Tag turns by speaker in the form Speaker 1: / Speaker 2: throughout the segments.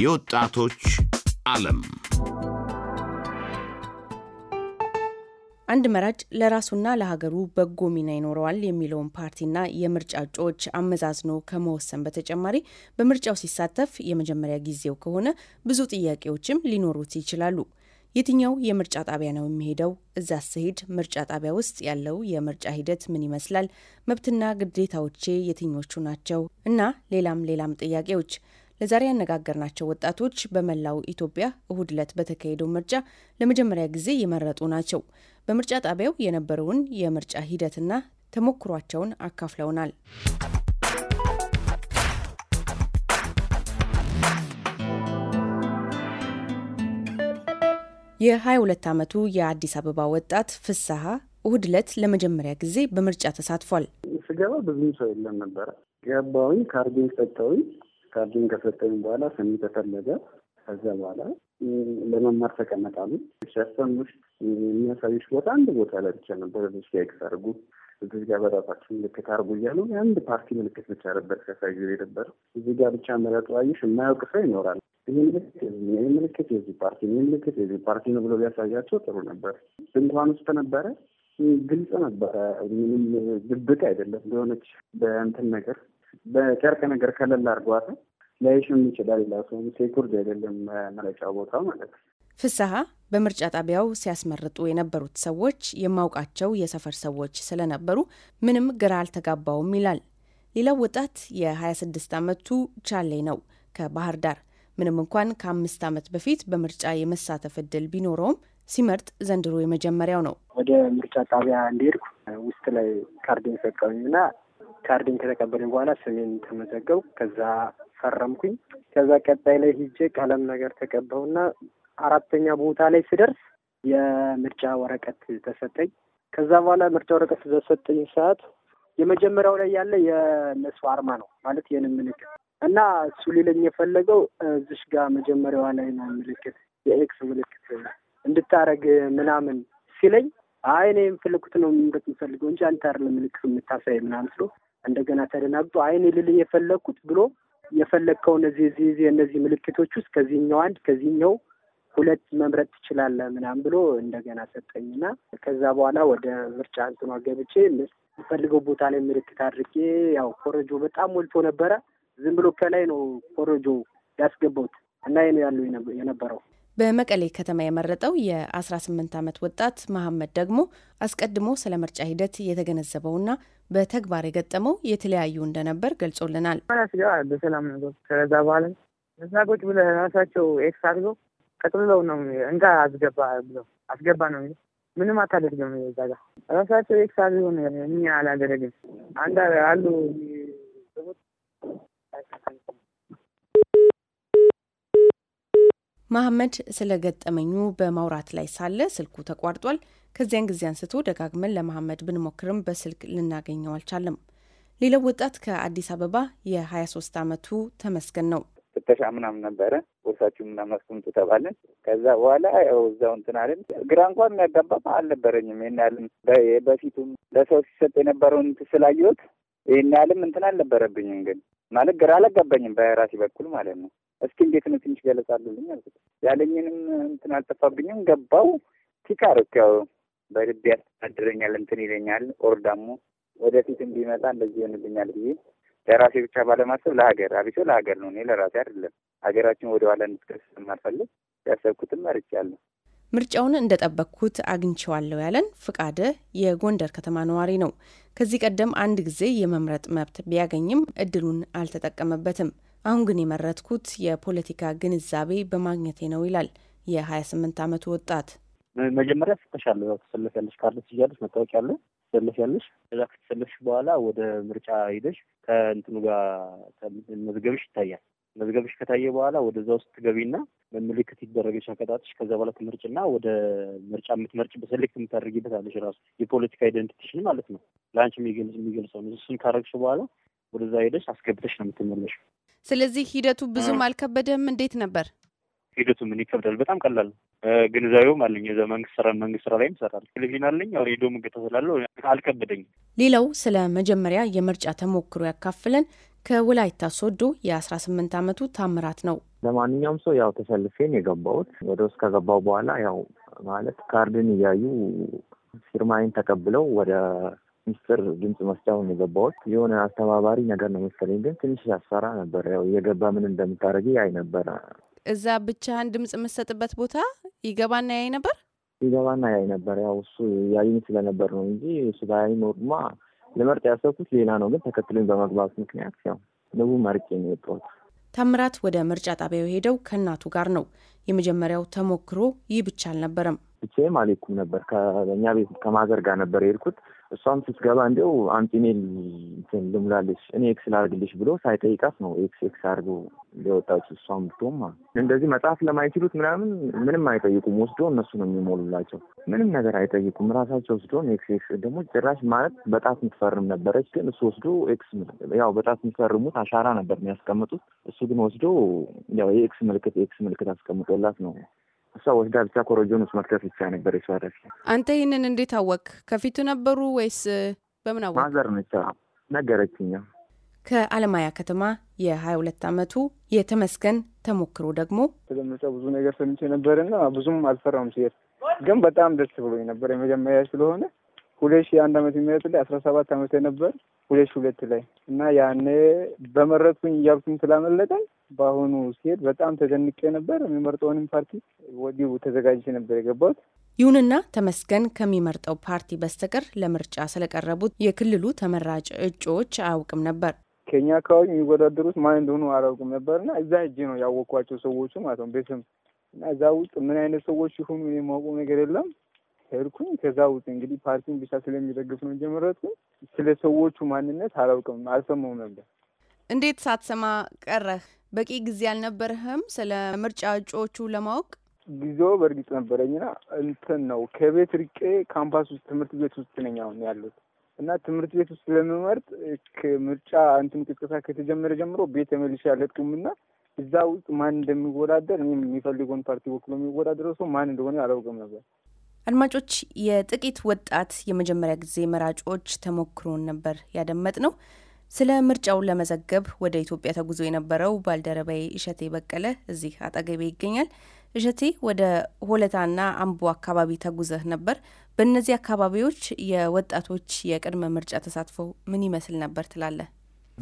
Speaker 1: የወጣቶች ዓለም
Speaker 2: አንድ መራጭ ለራሱና ለሀገሩ በጎ ሚና ይኖረዋል የሚለውን ፓርቲና የምርጫ እጩዎች አመዛዝኖ ከመወሰን በተጨማሪ በምርጫው ሲሳተፍ የመጀመሪያ ጊዜው ከሆነ ብዙ ጥያቄዎችም ሊኖሩት ይችላሉ። የትኛው የምርጫ ጣቢያ ነው የሚሄደው? እዛ ስሄድ ምርጫ ጣቢያ ውስጥ ያለው የምርጫ ሂደት ምን ይመስላል? መብትና ግዴታዎቼ የትኞቹ ናቸው? እና ሌላም ሌላም ጥያቄዎች ለዛሬ ያነጋገርናቸው ወጣቶች በመላው ኢትዮጵያ እሁድ ዕለት በተካሄደው ምርጫ ለመጀመሪያ ጊዜ የመረጡ ናቸው። በምርጫ ጣቢያው የነበረውን የምርጫ ሂደትና ተሞክሯቸውን አካፍለውናል። የ22 ዓመቱ የአዲስ አበባ ወጣት ፍስሐ እሁድ ዕለት ለመጀመሪያ ጊዜ በምርጫ ተሳትፏል።
Speaker 1: ስገባ ብዙም ሰው የለም ነበረ። ገባሁኝ፣ ካርዴን ሰጠሁኝ። ካርዱን ከሰጠኝ በኋላ ሰሚ ተፈለገ። ከዚያ በኋላ ለመማር ተቀመጣሉ። ውስጥ የሚያሳዩች ቦታ አንድ ቦታ ላይ ብቻ ነበር። ዚ ጋ ኤክስ አድርጉ፣ እዚህ ጋር በራሳችን ምልክት አርጉ እያሉ የአንድ ፓርቲ ምልክት ብቻ ነበር ሲያሳዩ የነበረ። እዚህ ጋር ብቻ ምረጡ። አየሽ፣ የማያውቅ ሰው ይኖራል። ይህ ምልክት ይህ ምልክት የዚህ ፓርቲ ይህ ምልክት የዚህ ፓርቲ ነው ብሎ ቢያሳያቸው ጥሩ ነበር። ድንኳን ውስጥ ነበረ። ግልጽ ነበረ። ምንም ድብቅ አይደለም። የሆነች በእንትን ነገር በጨርቅ ነገር ከለል አድርጓታል። ላይሽም ይችላል ላሰውም ሴኩርድ አይደለም መረጫ ቦታ ማለት ነው።
Speaker 2: ፍስሀ በምርጫ ጣቢያው ሲያስመርጡ የነበሩት ሰዎች የማውቃቸው የሰፈር ሰዎች ስለነበሩ ምንም ግራ አልተጋባውም ይላል። ሌላው ወጣት የ26 ዓመቱ ቻሌ ነው ከባህር ዳር። ምንም እንኳን ከአምስት ዓመት በፊት በምርጫ የመሳተፍ እድል ቢኖረውም ሲመርጥ ዘንድሮ የመጀመሪያው ነው።
Speaker 3: ወደ ምርጫ ጣቢያ እንደሄድኩ ውስጥ ላይ ካርዴን ሰጠውኝና ካርድን ከተቀበለኝ በኋላ ስሜን ተመዘገቡ። ከዛ ፈረምኩኝ። ከዛ ቀጣይ ላይ ሂጄ ቀለም ነገር ተቀባሁና አራተኛ ቦታ ላይ ስደርስ የምርጫ ወረቀት ተሰጠኝ። ከዛ በኋላ ምርጫ ወረቀት በሰጠኝ ሰዓት የመጀመሪያው ላይ ያለ የእነሱ አርማ ነው ማለት ይህንን ምልክት እና እሱ ሊለኝ የፈለገው እዚሽ ጋር መጀመሪያዋ ላይ ነው ምልክት የኤክስ ምልክት እንድታረግ ምናምን ሲለኝ አይ እኔ የምፈልኩት ነው ምንበት የምፈልገው እንጂ አንተ አይደለም ምልክት የምታሳይ ምናምን ስሎ እንደገና ተደናግጦ አይን ልልህ የፈለግኩት ብሎ የፈለግከው እነዚህ እዚህ እነዚህ ምልክቶች ውስጥ ከዚህኛው አንድ ከዚህኛው ሁለት መምረጥ ትችላለህ ምናምን ብሎ እንደገና ሰጠኝና ከዛ በኋላ ወደ ምርጫ እንትኗ ገብቼ የምፈልገው ቦታ ላይ ምልክት አድርጌ ያው ኮረጆ በጣም ሞልቶ ነበረ። ዝም ብሎ ከላይ ነው ኮረጆ ያስገባሁት እና ይህ ነው ያለው የነበረው።
Speaker 2: በመቀሌ ከተማ የመረጠው የ18 ዓመት ወጣት መሐመድ ደግሞ አስቀድሞ ስለ ምርጫ ሂደት የተገነዘበውና በተግባር የገጠመው የተለያዩ እንደነበር ገልጾልናል። በሰላም ነገር
Speaker 1: ከዛ በኋላ መዝናጎች ብለ ራሳቸው ኤክስ አድርገው ቀጥልለው ነው እንጋ አስገባ ብለው አስገባ ነው ምንም አታደርግም። እዛ ጋር ራሳቸው ኤክስ
Speaker 2: አድርገው እኛ አላደረግም አንዳ አሉ መሐመድ ስለገጠመኙ በማውራት ላይ ሳለ ስልኩ ተቋርጧል። ከዚያን ጊዜ አንስቶ ደጋግመን ለመሐመድ ብንሞክርም በስልክ ልናገኘው አልቻለም። ሌላው ወጣት ከአዲስ አበባ የ23 ዓመቱ ተመስገን ነው።
Speaker 1: ፍተሻ ምናምን ነበረ። ቦርሳችሁ ምናምን አስቀምጡ ተባለን። ከዛ በኋላ ያው እዛው እንትን አለን። ግራ እንኳን የሚያጋባም አልነበረኝም። ይህን ያህልም በፊቱም ለሰው ሲሰጥ የነበረውን ስላየሁት ይህን ያህልም እንትን አልነበረብኝም። ግን ማለት ግራ አላጋባኝም በራሴ በኩል ማለት ነው። እስኪ እንዴት ነው ትንሽ ገለጻ አሉልኝ አልኩት። ያለኝንም እንትን አልጠፋብኝም። ገባው ቲካርክ ያው በልብ ያስተዳድረኛል እንትን ይለኛል ኦር ደግሞ ወደፊትም ቢመጣ እንደዚህ ይሆንልኛል ብዬ ለራሴ ብቻ ባለማሰብ ለሀገር አብሶ ለሀገር ነው። እኔ ለራሴ አይደለም ሀገራችን ወደ ኋላ እንድትቀርስ ስለማልፈልግ ያሰብኩትም መርጫለሁ።
Speaker 2: ምርጫውን እንደጠበቅኩት አግኝቼዋለሁ ያለን ፍቃደ የጎንደር ከተማ ነዋሪ ነው። ከዚህ ቀደም አንድ ጊዜ የመምረጥ መብት ቢያገኝም እድሉን አልተጠቀመበትም። አሁን ግን የመረጥኩት የፖለቲካ ግንዛቤ በማግኘቴ ነው ይላል የ28 ዓመቱ ወጣት።
Speaker 1: መጀመሪያ ስትሻለ ትሰለፍ ያለሽ ካለ ስያለሽ መታወቂያ አለ ትሰለፍ ያለሽ። ከዛ ከተሰለፍሽ በኋላ ወደ ምርጫ ሂደሽ ከእንትኑ ጋር መዝገብሽ ይታያል። መዝገብሽ ከታየ በኋላ ወደዛ ውስጥ ትገቢና በምልክት ይደረገች አቀጣጥሽ። ከዛ በኋላ ትመርጭና ወደ ምርጫ የምትመርጭ በሰሌክት የምታደርጊበት አለሽ ራሱ የፖለቲካ ኢደንቲቲሽን ማለት ነው። ለአንቺ የሚገልጸው እሱን ካረግሽ በኋላ ወደዛ ሄደሽ አስገብተሽ ነው የምትመለሽ።
Speaker 2: ስለዚህ ሂደቱ ብዙም አልከበደም። እንዴት ነበር
Speaker 1: ሂደቱ? ምን ይከብዳል? በጣም ቀላል ግንዛቤውም አለኝ። የዛ መንግስት ስራ መንግስት ስራ ላይም እሰራለሁ። ቴሌቪዥን አለኝ። ሬዲዮ ምገታ ስላለው
Speaker 2: አልከበደኝም። ሌላው ስለ መጀመሪያ የምርጫ ተሞክሮ ያካፍለን ከወላይታ ሶዶ የአስራ ስምንት አመቱ ታምራት ነው።
Speaker 1: ለማንኛውም ሰው ያው ተሰልፌን የገባሁት ወደ ውስጥ ከገባው በኋላ ያው ማለት ካርድን እያዩ ፊርማይን ተቀብለው ወደ ሚስጥር ድምፅ መስጫው የገባዎች የሆነ አስተባባሪ ነገር ነው መሰለኝ። ግን ትንሽ ያስፈራ ነበር። ያው እየገባ ምን እንደምታደርጊ ያይ ነበረ።
Speaker 2: እዛ ብቻህን ድምፅ የምትሰጥበት ቦታ ይገባና ያይ ነበር
Speaker 1: ይገባና ያይ ነበር። ያው እሱ ያይኝ ስለነበር ነው እንጂ እሱ ባያይ ኖርማ ለመርጥ ያሰብኩት ሌላ ነው። ግን ተከትሎኝ በመግባት ምክንያት ያው ንቡ መርጬ ነው የወጣሁት።
Speaker 2: ታምራት ወደ ምርጫ ጣቢያው ሄደው ከእናቱ ጋር ነው። የመጀመሪያው ተሞክሮ ይህ ብቻ አልነበረም።
Speaker 1: ብቻዬም አልሄድኩም ነበር። ከእኛ ቤት ከማዘር ጋር ነበር የሄድኩት። እሷም ስትገባ እንዲያው አምጪ እኔ ልሙላልሽ እኔ ኤክስ ላርግልሽ ብሎ ሳይጠይቃት ነው ኤክስ ኤክስ አድርጎ ሊያወጣች። እሷም ብትሆን እንደዚህ መጽሐፍ ለማይችሉት ምናምን ምንም አይጠይቁም። ወስዶ እነሱ ነው የሚሞሉላቸው። ምንም ነገር አይጠይቁም። ራሳቸው ወስዶ ኤክስ ኤክስ ደግሞ ጭራሽ ማለት በጣት የምትፈርም ነበረች፣ ግን እሱ ወስዶ ኤክስ ያው በጣት የሚፈርሙት አሻራ ነበር የሚያስቀምጡት። እሱ ግን ወስዶ ያው የኤክስ ምልክት ኤክስ ምልክት አስቀምጦላት ነው ሰዎች ጋብቻ ኮረጆን ውስጥ መክተት ብቻ ነበር የሷ ደፊ።
Speaker 2: አንተ ይህንን እንዴት አወቅ? ከፊቱ ነበሩ ወይስ በምን አወቅ?
Speaker 4: ማዘር ነች ነገረችኛ።
Speaker 2: ከአለማያ ከተማ የሀያ ሁለት አመቱ የተመስገን ተሞክሮ ደግሞ
Speaker 4: ተደመጠ ብዙ ነገር ሰምቼ ነበርና ብዙም አልፈራም። ሲሄድ ግን በጣም ደስ ብሎኝ ነበር የመጀመሪያ ስለሆነ ሁለት ሺህ አንድ አመት የሚመት ላይ አስራ ሰባት ዓመት ነበር ሁለት ሺህ ሁለት ላይ እና ያኔ በመረጥኩኝ እያልኩም ስላመለጠኝ በአሁኑ ሲሄድ በጣም ተደንቄ ነበር። የሚመርጠውንም ፓርቲ ወዲሁ ተዘጋጅቼ ነበር የገባሁት።
Speaker 2: ይሁንና ተመስገን ከሚመርጠው ፓርቲ በስተቀር ለምርጫ ስለቀረቡት የክልሉ ተመራጭ እጩዎች አያውቅም ነበር።
Speaker 4: ከኛ አካባቢ የሚወዳደሩት ማን እንደሆኑ አላውቅም ነበርና እዛ እጅ ነው ያወቅኳቸው ሰዎቹ ማለት ነው ቤትም እና እዛ ውስጥ ምን አይነት ሰዎች ይሆኑ የማውቁ ነገር የለም። ሄድኩኝ። ከዛ ውስጥ እንግዲህ ፓርቲን ብቻ ስለሚደግፍ ነው እንጂ ስለ ሰዎቹ ማንነት አላውቅም፣ አልሰማሁም ነበር።
Speaker 2: እንዴት ሳትሰማ ቀረህ? በቂ ጊዜ አልነበረህም ስለ ምርጫ እጩዎቹ ለማወቅ?
Speaker 4: ጊዜው በእርግጥ ነበረኝና እንትን ነው ከቤት ርቄ ካምፓስ ውስጥ ትምህርት ቤት ውስጥ ነኝ አሁን ያሉት እና ትምህርት ቤት ውስጥ ለመመርጥ ምርጫ እንትን ቅስቀሳ ከተጀመረ ጀምሮ ቤት ተመልሼ አልሄድኩምና እዛ ውስጥ ማን እንደሚወዳደር እኔም የሚፈልገውን ፓርቲ ወክሎ የሚወዳደረው ሰው ማን እንደሆነ አላውቅም ነበር።
Speaker 2: አድማጮች፣ የጥቂት ወጣት የመጀመሪያ ጊዜ መራጮች ተሞክሮን ነበር ያደመጥ ነው። ስለ ምርጫው ለመዘገብ ወደ ኢትዮጵያ ተጉዞ የነበረው ባልደረባዬ እሸቴ በቀለ እዚህ አጠገቤ ይገኛል። እሸቴ ወደ ሆለታና አምቦ አካባቢ ተጉዘህ ነበር። በእነዚህ አካባቢዎች የወጣቶች የቅድመ ምርጫ ተሳትፎ ምን ይመስል ነበር ትላለህ?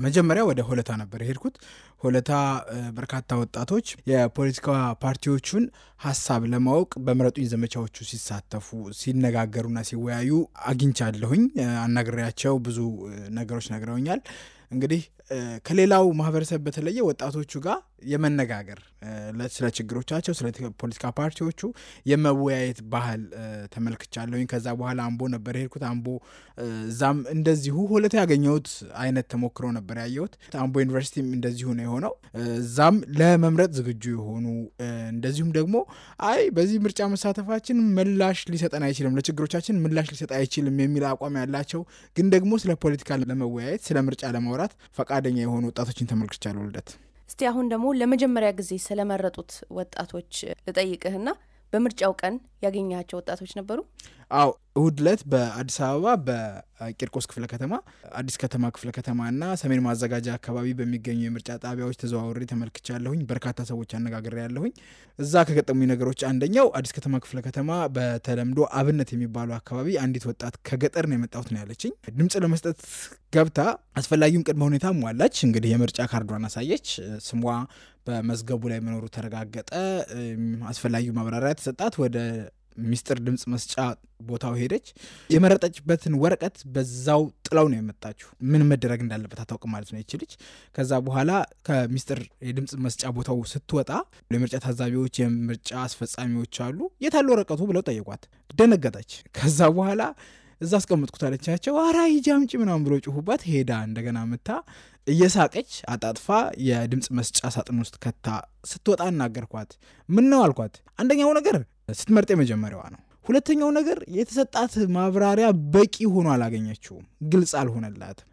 Speaker 5: መጀመሪያ ወደ ሆለታ ነበር የሄድኩት። ሆለታ በርካታ ወጣቶች የፖለቲካ ፓርቲዎቹን ሀሳብ ለማወቅ በምረጡኝ ዘመቻዎቹ ሲሳተፉ፣ ሲነጋገሩና ሲወያዩ አግኝቻለሁኝ። አናግሬያቸው ብዙ ነገሮች ነግረውኛል። እንግዲህ ከሌላው ማህበረሰብ በተለየ ወጣቶቹ ጋር የመነጋገር ስለ ችግሮቻቸው፣ ስለ ፖለቲካ ፓርቲዎቹ የመወያየት ባህል ተመልክቻለሁኝ። ከዛ በኋላ አምቦ ነበር የሄድኩት። አምቦ እዛም እንደዚሁ ሁለት ያገኘሁት አይነት ተሞክሮ ነበር ያየሁት። አምቦ ዩኒቨርሲቲም እንደዚሁ ነው የሆነው። እዛም ለመምረጥ ዝግጁ የሆኑ እንደዚሁም ደግሞ አይ በዚህ ምርጫ መሳተፋችን ምላሽ ሊሰጠን አይችልም፣ ለችግሮቻችን ምላሽ ሊሰጥ አይችልም የሚል አቋም ያላቸው ግን ደግሞ ስለ ፖለቲካ ለመወያየት ስለ ምርጫ ለማውራት ፈቃድ ፈቃደኛ የሆኑ ወጣቶችን ተመልክቻለሁ። ልደት፣
Speaker 2: እስቲ አሁን ደግሞ ለመጀመሪያ ጊዜ ስለመረጡት ወጣቶች ልጠይቅህና በምርጫው ቀን ያገኘቸው ወጣቶች ነበሩ?
Speaker 5: አዎ፣ እሁድ ለት በአዲስ አበባ በቂርቆስ ክፍለ ከተማ፣ አዲስ ከተማ ክፍለ ከተማ እና ሰሜን ማዘጋጃ አካባቢ በሚገኙ የምርጫ ጣቢያዎች ተዘዋውሬ ተመልክቻለሁኝ። በርካታ ሰዎች አነጋግሬ ያለሁኝ። እዛ ከገጠሙኝ ነገሮች አንደኛው አዲስ ከተማ ክፍለ ከተማ በተለምዶ አብነት የሚባለው አካባቢ አንዲት ወጣት ከገጠር ነው የመጣሁት ነው ያለችኝ። ድምፅ ለመስጠት ገብታ አስፈላጊውን ቅድመ ሁኔታ ሟላች። እንግዲህ የምርጫ ካርዷን አሳየች። ስሟ፣ በመዝገቡ ላይ መኖሩ ተረጋገጠ። አስፈላጊው ማብራሪያ ተሰጣት። ወደ ሚስጥር ድምፅ መስጫ ቦታው ሄደች። የመረጠችበትን ወረቀት በዛው ጥላው ነው የመጣችው። ምን መደረግ እንዳለበት አታውቅ ማለት ነው ይችልች። ከዛ በኋላ ከሚስጥር የድምፅ መስጫ ቦታው ስትወጣ የምርጫ ታዛቢዎች፣ የምርጫ አስፈጻሚዎች አሉ። የታለ ወረቀቱ ብለው ጠየቋት። ደነገጠች። ከዛ በኋላ እዛ አስቀምጥኩት አለቻቸው። አራ ሂጂ አምጪ ምናምን ብሎ ጩሁባት። ሄዳ እንደገና ምታ እየሳቀች አጣጥፋ የድምፅ መስጫ ሳጥን ውስጥ ከታ ስትወጣ እናገርኳት። ምን ነው አልኳት። አንደኛው ነገር ስትመርጥ የመጀመሪያዋ ነው። ሁለተኛው ነገር የተሰጣት ማብራሪያ በቂ ሆኖ አላገኘችውም፣ ግልጽ አልሆነላትም።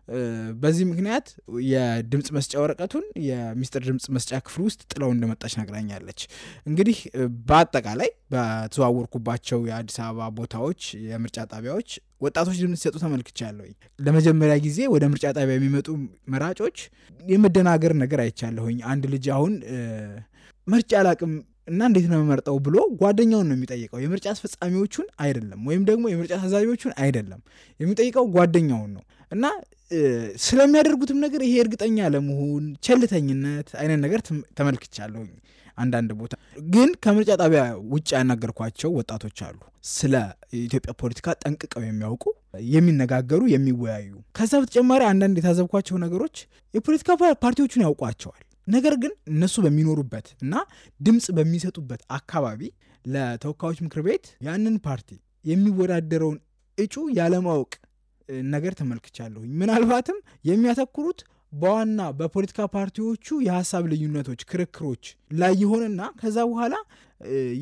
Speaker 5: በዚህ ምክንያት የድምፅ መስጫ ወረቀቱን የሚስጥር ድምፅ መስጫ ክፍል ውስጥ ጥለው እንደመጣች ነግራኛለች። እንግዲህ በአጠቃላይ በተዘዋወርኩባቸው የአዲስ አበባ ቦታዎች፣ የምርጫ ጣቢያዎች ወጣቶች ድምፅ ሲሰጡ ተመልክቻለሁ። ለመጀመሪያ ጊዜ ወደ ምርጫ ጣቢያ የሚመጡ መራጮች የመደናገር ነገር አይቻለሁኝ። አንድ ልጅ አሁን ምርጫ አላቅም እና እንዴት ነው የምመርጠው ብሎ ጓደኛውን ነው የሚጠይቀው። የምርጫ አስፈጻሚዎቹን አይደለም፣ ወይም ደግሞ የምርጫ ታዛቢዎቹን አይደለም። የሚጠይቀው ጓደኛውን ነው። እና ስለሚያደርጉትም ነገር ይሄ እርግጠኛ ለመሆን ቸልተኝነት አይነት ነገር ተመልክቻለሁኝ። አንዳንድ ቦታ ግን ከምርጫ ጣቢያ ውጭ ያናገርኳቸው ወጣቶች አሉ። ስለ ኢትዮጵያ ፖለቲካ ጠንቅቀው የሚያውቁ የሚነጋገሩ፣ የሚወያዩ ከዛ በተጨማሪ አንዳንድ የታዘብኳቸው ነገሮች የፖለቲካ ፓርቲዎቹን ያውቋቸዋል። ነገር ግን እነሱ በሚኖሩበት እና ድምፅ በሚሰጡበት አካባቢ ለተወካዮች ምክር ቤት ያንን ፓርቲ የሚወዳደረውን እጩ ያለማወቅ ነገር ተመልክቻለሁኝ። ምናልባትም የሚያተኩሩት በዋና በፖለቲካ ፓርቲዎቹ የሀሳብ ልዩነቶች፣ ክርክሮች ላይ ይሆንና ከዛ በኋላ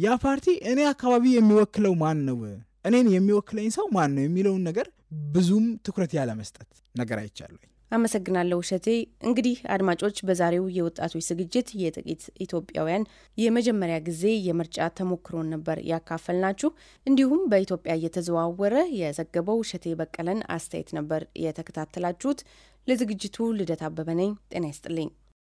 Speaker 5: ያ ፓርቲ እኔ አካባቢ የሚወክለው ማን ነው፣ እኔን የሚወክለኝ ሰው ማን ነው የሚለውን ነገር ብዙም ትኩረት ያለመስጠት ነገር አይቻለኝ።
Speaker 2: አመሰግናለሁ እሸቴ። እንግዲህ አድማጮች፣ በዛሬው የወጣቶች ዝግጅት የጥቂት ኢትዮጵያውያን የመጀመሪያ ጊዜ የምርጫ ተሞክሮን ነበር ያካፈልናችሁ። እንዲሁም በኢትዮጵያ እየተዘዋወረ የዘገበው እሸቴ በቀለን አስተያየት ነበር የተከታተላችሁት። ለዝግጅቱ ልደት አበበ ነኝ። ጤና ይስጥልኝ።